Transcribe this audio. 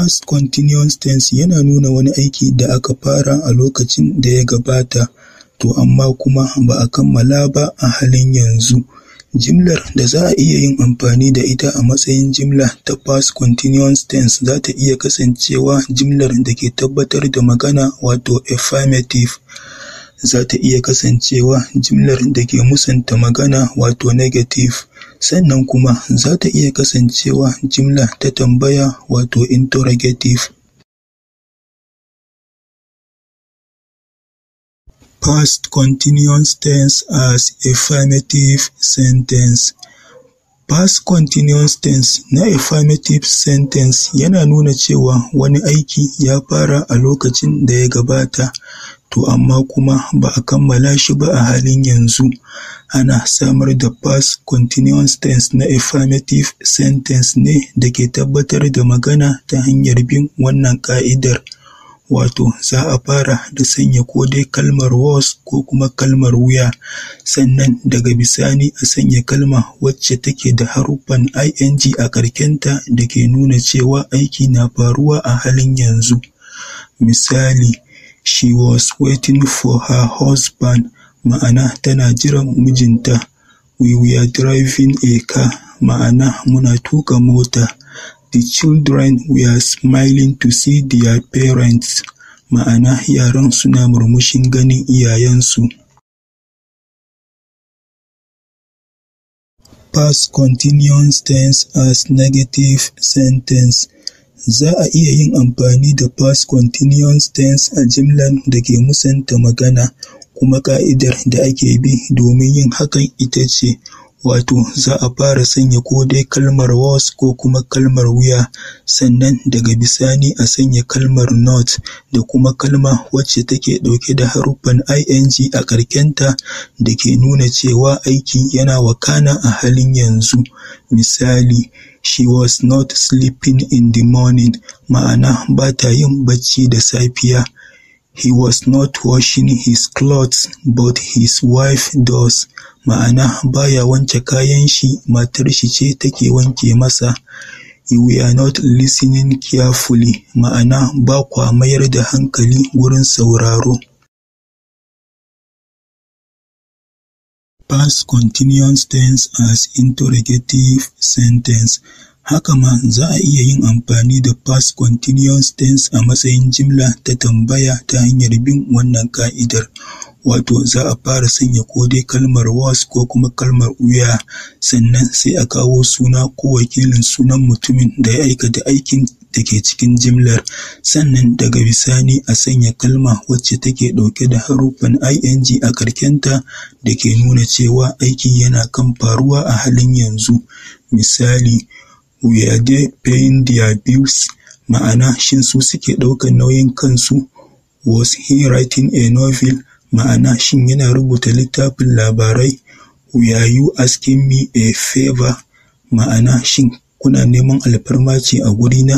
Past Continuous Tense yana nuna wani aiki da aka fara a lokacin da ya gabata to amma kuma ba a kammala ba a halin yanzu. Jimlar da za a iya yin amfani da ita a matsayin jimla ta Past Continuous Tense za ta iya kasancewa jimlar da ke tabbatar da magana wato affirmative, za ta iya kasancewa jimlar da ke musanta magana wato negative. sannan kuma za ta iya kasancewa jimla ta tambaya wato interrogative. Past continuous tense as affirmative sentence Past continuous tense na affirmative sentence yana nuna cewa wani aiki ya fara a lokacin da ya gabata to amma kuma ba a kammala shi ba a halin yanzu, ana samar da past continuous tense na affirmative sentence ne da ke tabbatar da magana ta hanyar bin wannan ka'idar. wato za a fara da sanya ko dai kalmar was ko kuma kalmar wuya sannan daga bisani a sanya kalma wacce take da haruffan ing a karkenta da ke nuna cewa aiki na faruwa a halin yanzu misali she was waiting for her husband ma'ana tana jiran mijinta we were driving a car ma'ana muna tuƙa mota The children were smiling to see their parents, ma'ana yaran suna murmushin ganin iyayensu. Past continuous tense as negative sentence Za a iya yin amfani da past continuous tense a jimlan da ke musanta magana, kuma ƙa'idar da ake bi domin yin hakan ita ce wato za a fara sanya ko dai kalmar "was" ko kuma kalmar wuya, sannan daga bisani a sanya kalmar "not" da kuma kalma wacce take ɗauke da haruffan "ing" a ƙarshen da ke nuna cewa aiki yana wakana a halin yanzu, misali, “She was not sleeping in the morning” ma'ana ba ta yin bacci da safiya. He was not washing his clothes but his wife does, ma'ana baya wanke kayan shi, matar shi ce take wanke masa. You were not listening carefully, ma'ana ba kwa mayar da hankali wurin sauraro. Past continuous tense as interrogative sentence Haka ma, za a iya yin amfani da past continuous tense a matsayin jimla ta tambaya ta hanyar bin wannan ka'idar wato za a fara sanya ko dai kalmar "was" ko kuma kalmar "were", sannan sai a kawo suna ko wakilin sunan mutumin da ya aikata aikin da ke cikin jimlar, sannan daga bisani a sanya kalma wacce take ɗauke da haruffan "ing" a karkenta da ke nuna cewa aikin yana kan faruwa a halin yanzu. Misali “Were they paying their bills?” ma'ana shin su suke ɗaukar nauyin kansu? “Was he writing a novel?” ma'ana shin yana rubuta littafin labarai? “Were you asking me a favor?” ma'ana shin kuna neman alfarma ce a na